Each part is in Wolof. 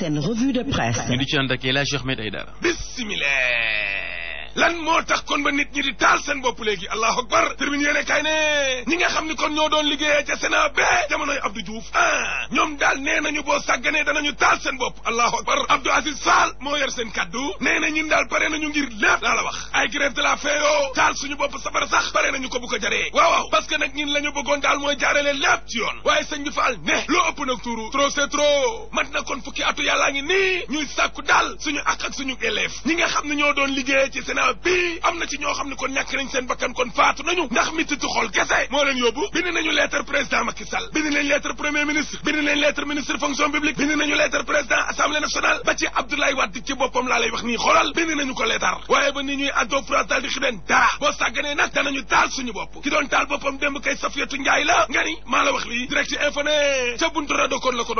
seen revue de presse. ñu di ci ànd ak El Hadj Ahmed Aïdara. bisimilah. lan moo tax kon ba nit ñi di taal seen bopp léegi allahu akbar termine yéene kay ne ñi nga xam ni kon ñoo doon liggéeyee ca Sénat ba jamonoy Abdou Diouf ah ñoom daal nee nañu boo sàgganee danañu taal seen bopp allahu akbar Abdou Aziz Fall moo yor seen kaddu nee na ñun daal pare nañu ngir lépp laa la wax ay grève de la faim taal suñu bopp safara sax pare nañu ko bu ko jaree waaw waaw parce que nag ñun la ñu bëggoon daal mooy jaarale lépp ci yoon waaye sëñ bi Fall ne loo ëpp nag tuuru trop c'est trop mat na kon fukki atu yàllaa ngi nii ñuy sàkku daal suñu ak ak ñi nga xam ne ñoo doon liggéeyee corona bi am na ci ñoo xam ne kon ñàkk nañ seen bakkan kon faatu nañu ndax mititu xol gese moo leen yóbbu bind nañu lettre président Macky Sall bind nañu lettre président assemblée nationale ba ci Abdoulaye Wade ci boppam laa lay wax nii xoolal bind nañu ko lettre waaye ba ni ñuy addoo fratal di xibeen dara boo sàgganee nag danañu taal suñu bopp ki doon taal boppam démb kay Safiyatu Njaay la nga maa la wax lii direct info ne ca kon la ko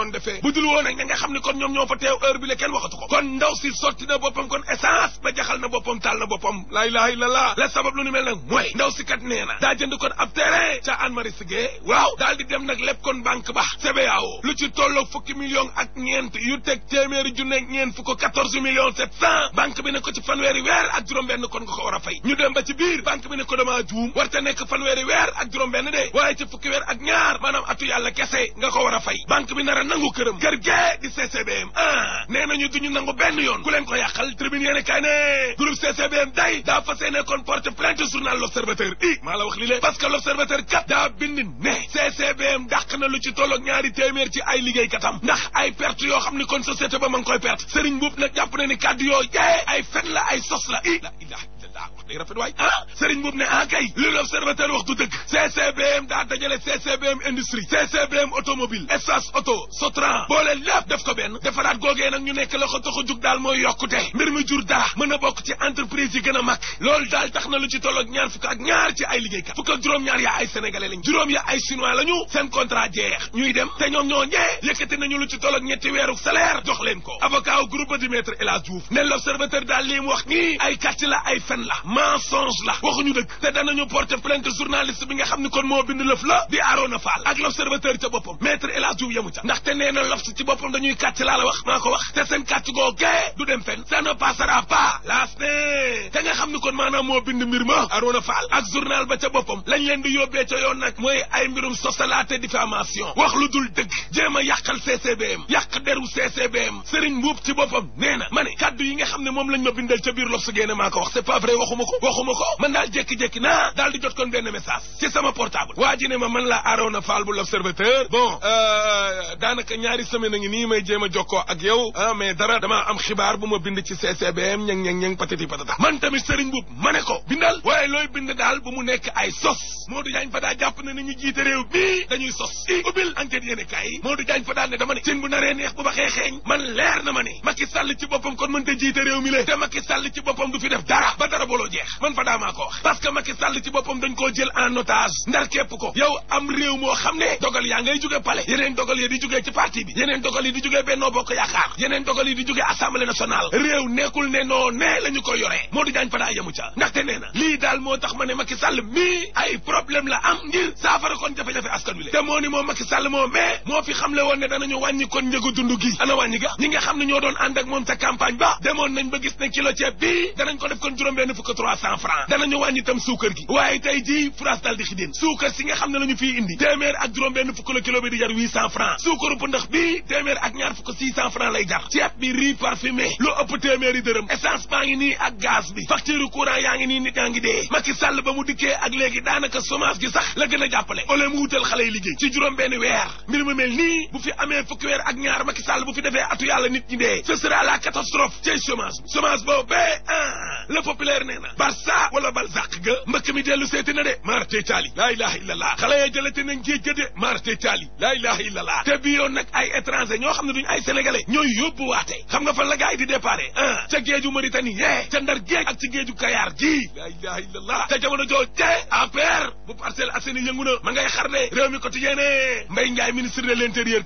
doon boppam laa ilaha la sabab lu ni mel nag mooy ndaw si kat nee na daa jënd kon ab terrain ca Anne Marie Sigué waaw daal di dem nag lépp kon banque ba CBAO lu ci tolloo fukki millions ak ñeent yu teg téeméeri junne ak ñeent fukk ko quatorze millions sept bi ne ko ci fanweeri weer ak juróom-benn kon nga ko war fay ñu dem ba ci biir banque bi ne ko dama juum warta nekk fanweeri weer ak juróom-benn de waaye ci fukki weer ak ñaar maanaam atu yàlla kese nga ko war a fay bi nar a nangu këram kër gee di CCBM ah nee ku leen ko leen day daa fas yéene kon porte plainte journal l'observateur i maa la wax li lée parce que kat daa bind ne CCBM dàq na lu ci tolloog ñaari téeméer ci ay liggéeykatam ndax ay perte yoo xam ni kon société ba ma ngi koy perte Serigne Mboup nag jàpp na ni kàddu yoo jaay ay fen la ay sos la i day rafet waay ah Serigne Mboup ne ah kay li l'observateur wax du dëgg CCBM daa dajale CCBM industrie CCBM automobile Essas auto Sotran boole lépp def ko benn defaraat googee nag ñu nekk la ko tax a jug daal mooy yokkute mbir mi jur dara mën a bokk ci entreprise yi gën a mag loolu daal tax na lu ci tolloog ñaar fukk ak ñaar ci ay liggéeykat fukk ak juróom-ñaar yaa ay sénégalais lañ juróom ya ay chinois lañu seen contrat jeex ñuy dem te ñoom ñoo ñee yëkkati nañu lu ci tolloog ñetti weeru salaire jox leen ko avocat groupe di maître El Hadj Diouf daal li mu wax nii ay kàcc la ay mensonge la waxuñu dëgg te danañu porter plainte journaliste bi nga xam ni kon moo bind lëf la di Arona Fall ak l'observateur ca boppam maître El Hadj Diouf yamu ca ndaxte nee na lof si ci boppam dañuy kàcc laa la wax maa ko wax te seen kàcc googee du dem fenn ça ne passera pas laas ne te nga xam ni kon maanaam moo bind mbir ma Arona Fall ak journal ba ca boppam lañ leen di yóbbee ca yoon nag mooy ay mbirum sosalaate diffamation wax lu dul dëgg jéem a yàqal CCBM yàq deru CCBM Serigne Mbuub ci boppam nee na ma ne kàddu yuuxu waxuma ko man daal jékki-jékki na daal di jot kon benn message ci sama portable waa ma man la Arona Fall bu l'Observateur bon euh, daanaka ñaari semaine a ngi nii may jéem a jokkoo ak yow ah mais dara damaa am xibaar bu ma bind ci CCBM ñang ñang ñang patati patata man tamit Serigne Boub ma ne ko bindal waaye looy bind daal bu mu nekk ay sos Modou Diagne Fada jàpp na ñu jiite réew dañuy sos i ubbil enquête yéene kaay yi Modou Diagne Fada ne dama ne seen bu naree neex bu ba xeexeeñ man leer na ma ne Macky Sall ci boppam kon mënta jiite fi def dara jeex man fa daamaa ko wax parce que Macky Sall ci boppam dañ koo jël en otage ndar képp ko yow am réew moo xam ne dogal yaa ngay jóge palais yeneen dogal yi di jógee ci parti bi yeneen dogal yi di jógee Benno Bokk Yaakaar yeneen dogal yi di jógee assemblée nationale réew nekkul ne noo ne koy yoree moo du jaañ fa daa yemu ca ndaxte nee na lii daal moo tax ma ne Macky Sall mii ay problème la am ngir saafara kon jafe-jafe askan wi ni moo mais moo trois cent francs danañu wàññi itam suukar gi waaye tey ji France dal di xidéen suukar si nga xam ne la ñu indi téeméer ak juróom benn fukk la kilo bi di jar huit cent francs suukaru bi téeméer ak ñaar fukk six cent francs lay jar ceeb bi riz parfumé lu ëpp téeméeri dërëm essence baa ngi nii ak gaz bi facture courant yaa ngi nii nit ñaa ngi dee Macky Sall ba mu dikkee ak léegi daanaka chômage gi sax la gën a jàppale ole mu wutal xale yi liggéey ci juróom le populaire nee na barça wala balzaq ga mbëkk mi dellu seeti na de marte taali laa ilaha illa allah xale ya jëlate nañ de marte taali laa ilaha illa te bi nag ay étranger ñoo xam ne duñu ay sénégalais ñooy yóbbu waate xam nga fan la di déparé ah ca géeju Mauritanie yee ca ndar géej ak ci géeju Kayaar ji laa ilaha illa allah te jamono joo jee bu Parcelles Assainies yëngu ma ngay xar de réew mi quotidien Mbaye Ndiaye ministre de l'intérieur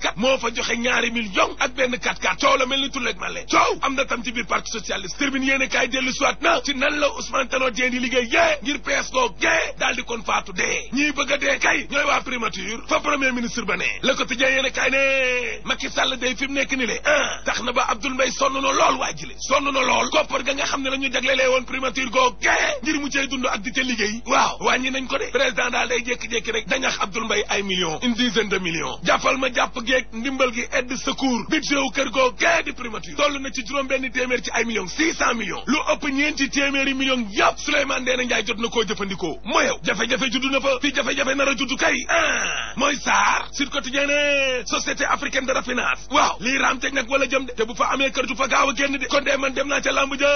la ci nan la Ousmane Tanor Dieng di liggéey yée ngir pees koo gée daal di kon faatu dee ñiy bëgg a dee kay ñooy waa primature fa premier ministre ba ne Le Quotidien yéen a ne Macky Sall day fi mu nekk ni le ah tax na ba Abdoul Mbaye sonn na lool waa ji le sonn na lool koppar ga nga xam ne la ñu jaglelee woon primature goo gée ngir mu cey dund ak di ca liggéey waaw wàññi nañ ko de président daal day jékki-jékki rek dañax Abdoul Mbaye ay millions une dizaine de jàpp geeg ndimbal gi aide secours budget wu kër goo juróom benn téeméer ci ñeenti téeméeri million yàpp Souleymane Ndéné Ndiaye jot na koo jëfandikoo mooyow jafe-jafe juddu na fa fi jafe-jafe nar a juddu kay ah mooy saar Sud Quotidien ne société africaine de raffinage waaw lii raam teg nag wala jëm de te bu fa amee kër fa gaaw a génn de kon dee man ca làmb ja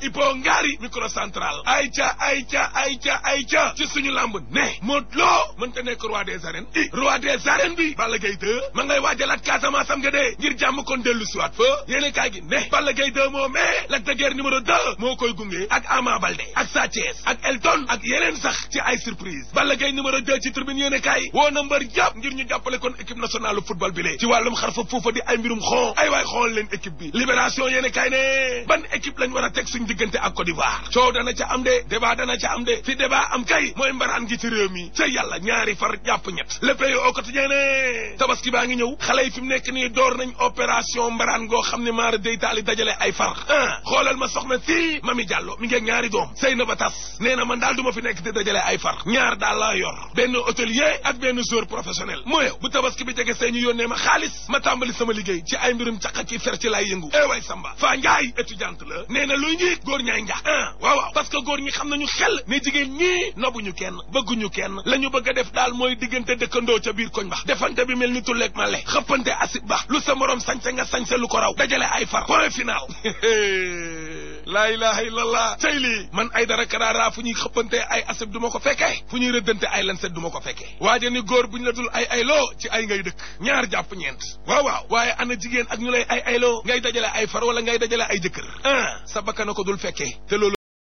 Ipo Ngari ca ay ayca ay ayca ci suñu lamb ne Modou Lo mënta nekk roi des arènes i roi des arènes bi Balla Gaye 2 ma ngay waajalaat Casamance am nga dee ngir jàmm kon dellu siwaat fa yéene kaay gi ne Balla Gaye 2 moo mais Lac de Guiers numéro 2 moo koy gunge ak Ama Baldé ak Sa Thiès ak Elton ak yeneen sax ci ay surprise Balla Gaye numéro 2 ci tribune yéene kaay woo na mbër yëpp ngir ñu jàppale kon équipe nationale football bi lee ci wàllum xar fa foofa di ay mbirum xon ay xool leen équipe bi libération yéene kaay ne ban équipe lañ war a teg suñu seen diggante ak Côte d'Ivoire coow dana ca am de débat dana ca am de fi débat am kay mooy mbaraan gi ci réew mi ca ñaari far jàpp ñett le pays au quotidien ne tabaski baa ngi ñëw xale yi fi mu nekk nii door nañ opération mbaraan goo xam ne maara day taali dajale ay far ah xoolal ma soxna si Mami Diallo mi ngi ak ñaari doom sey na ba tas nee na man daal du ma fi nekk di dajale ay far ñaar daal laa yor benn hôtelier ak benn joueur professionnel mooy bu tabaski bi see ñu yónnee ma xaalis liggéey ci ay mbirum caq ci fer ci laay yëngu eh way Samba léeg góor ñaay njax ah waaw waaw parce que góor ñi xam nañu xel ne jigéen ñii nobuñu kenn bëgguñu kenn la ñu bëgg def daal mooy diggante dëkkandoo ca biir koñ ba defante bi mel ni tulleeg male xëppante asib ba lu sa morom sañse nga sañse lu ko raw dajale ay far point final la ilaha illallah tey lii man ay dara karaaraa fu ñuy xëppante ay asib duma ma ko fekkee fu ñuy rëddante ay lanset du ma ko fekkee waaja ni góor bu ñu la dul ay ayloo ci ay ngay dëkk ñaar jàpp ñeent waaw waaw waaye ana jigéen ak ñu lay ay ay lo ngay dajale ay far wala ngay dajale ay jëkkër ah sa bakkan na ko dul fekke te loolu